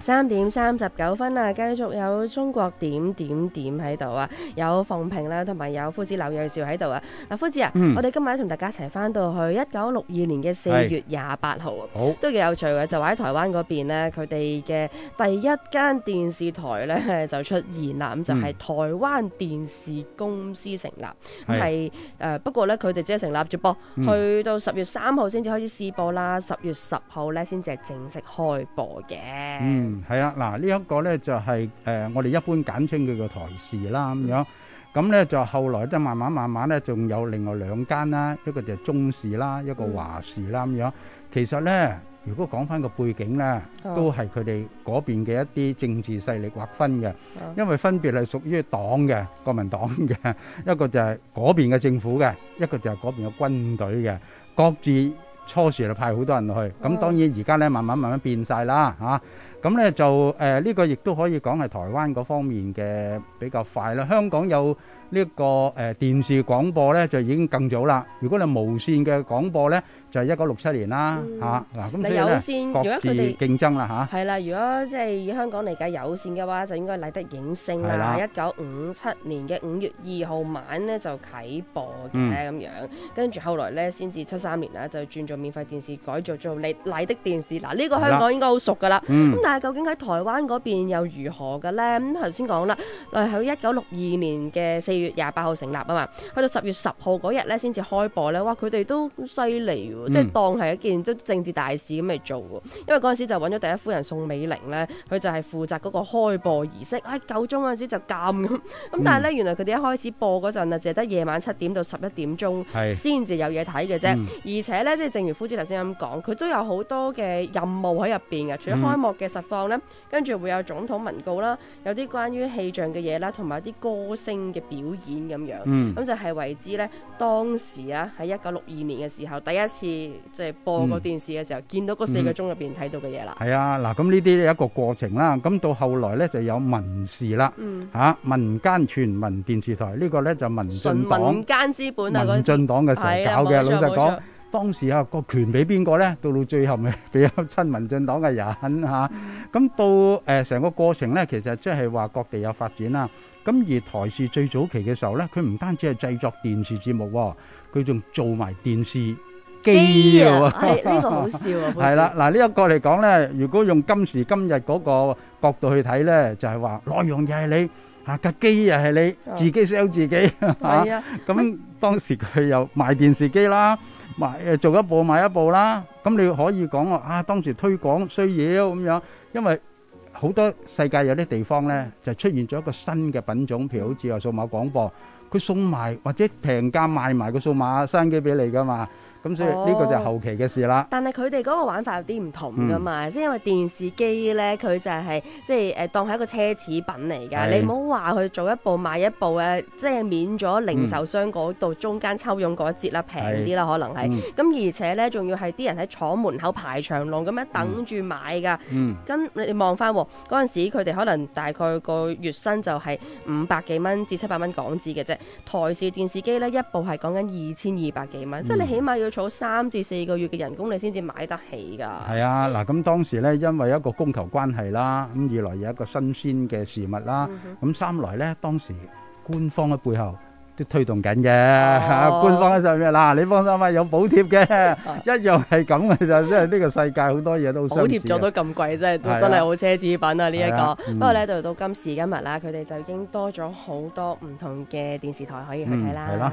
三點三十九分啊！繼續有中國點點點喺度啊！有鳳平啦，同埋有夫子柳瑞兆喺度啊！嗱，夫子啊，嗯、我哋今晚同大家一齊翻到去一九六二年嘅四月廿八號，好都幾有趣嘅，就話喺台灣嗰邊咧，佢哋嘅第一間電視台呢就出現啦，咁就係、是、台灣電視公司成立，係誒不過呢，佢哋只係成立住播，嗯、去到十月三號先至開始試播啦，十月十號呢先至係正式開播嘅。嗯。嗯，係啊，嗱呢一個咧就係誒，我哋一般簡稱佢個台視啦咁樣。咁咧就後來即係慢慢慢慢咧，仲有另外兩間啦，一個就中視啦，一個華視啦咁樣。其實咧，如果講翻個背景咧，都係佢哋嗰邊嘅一啲政治勢力劃分嘅，因為分別係屬於黨嘅，國民黨嘅一個就係嗰邊嘅政府嘅，一個就係嗰邊嘅軍隊嘅，各自初時就派好多人落去。咁當然而家咧，慢慢慢慢變曬啦嚇。咁咧就誒呢個亦都可以講係台灣嗰方面嘅比較快啦。香港有呢個誒電視廣播咧，就已經更早啦。如果你無線嘅廣播咧，就係一九六七年啦嚇。嗱咁所以咧，有線，各自競爭啦嚇。係啦，如果即係以香港嚟計有線嘅話，就應該麗的映聲啦。一九五七年嘅五月二號晚咧就啟播嘅咁樣，跟住後來咧先至七三年啦，就轉做免費電視，改做做麗麗的電視。嗱呢個香港應該好熟㗎啦。嗯。究竟喺台灣嗰邊又如何嘅呢？咁頭先講啦，嚟喺一九六二年嘅四月廿八號成立啊嘛，去到十月十號嗰日咧先至開播咧，哇！佢哋都犀利喎，即係當係一件都政治大事咁嚟做喎。因為嗰陣時就揾咗第一夫人宋美齡呢，佢就係負責嗰個開播儀式。喺夠鐘嗰陣時就監咁。咁但係呢，嗯、原來佢哋一開始播嗰陣啊，淨係得夜晚七點到十一點鐘先至有嘢睇嘅啫。是而且呢，即係正如夫子頭先咁講，佢都有好多嘅任務喺入邊嘅，除咗開幕嘅實放咧，跟住會有總統文告啦，有啲關於氣象嘅嘢啦，同埋啲歌聲嘅表演咁樣，咁、嗯、就係為之呢，當時啊喺一九六二年嘅時候第一次即係播個電視嘅時候、嗯、見到嗰四個鐘入邊睇到嘅嘢啦。係、嗯、啊，嗱，咁呢啲一個過程啦，咁到後來呢，就有民視啦，嚇、嗯啊、民間全民電視台呢、這個呢，就民進黨民間資本啊，民進黨嘅時候搞嘅，老實講。當時啊，個權俾邊個咧？到到最後咪比較親民進黨嘅人嚇。咁到誒成個過程咧，其實即係話各地有發展啦。咁而台視最早期嘅時候咧，佢唔單止係製作電視節目，佢仲做埋電視機嘅喎。係呢個好笑啊！係啦，嗱呢一個嚟講咧，如果用今時今日嗰個角度去睇咧，就係話內容又係你嚇，架機又係你自己 sell 自己嚇。咁當時佢又賣電視機啦。買誒做一步買一步啦，咁你可以講話啊，當時推廣需要咁樣，因為好多世界有啲地方呢就出現咗一個新嘅品種，譬如好似話數碼廣播，佢送埋或者平價賣埋個數碼收音機俾你噶嘛。咁所以呢個就係後期嘅事啦。但係佢哋嗰個玩法有啲唔同噶嘛，即係、嗯、因為電視機呢，佢就係、是、即係誒當係一個奢侈品嚟㗎。是你唔好話佢做一部買一部誒、啊，即係免咗零售商嗰度、嗯、中間抽傭嗰一節一啦，平啲啦可能係。咁、嗯、而且呢，仲要係啲人喺廠門口排長龍咁樣等住買㗎。咁、嗯、你望翻嗰陣時，佢哋可能大概個月薪就係五百幾蚊至七百蚊港紙嘅啫。台視電視機呢，一部係講緊二千二百幾蚊，嗯、即係你起碼要。儲三至四個月嘅人工，你先至買得起噶。係啊，嗱，咁當時咧，因為一個供求關係啦，咁二來有一個新鮮嘅事物啦，咁三來咧，當時官方嘅背後都推動緊嘅，官方喺上面嗱，你放心啦，有補貼嘅，一樣係咁嘅就，即係呢個世界好多嘢都好補貼咗都咁貴，真係真係好奢侈品啊！呢一個，不過咧到到今時今日啦，佢哋就已經多咗好多唔同嘅電視台可以去睇啦。係啦。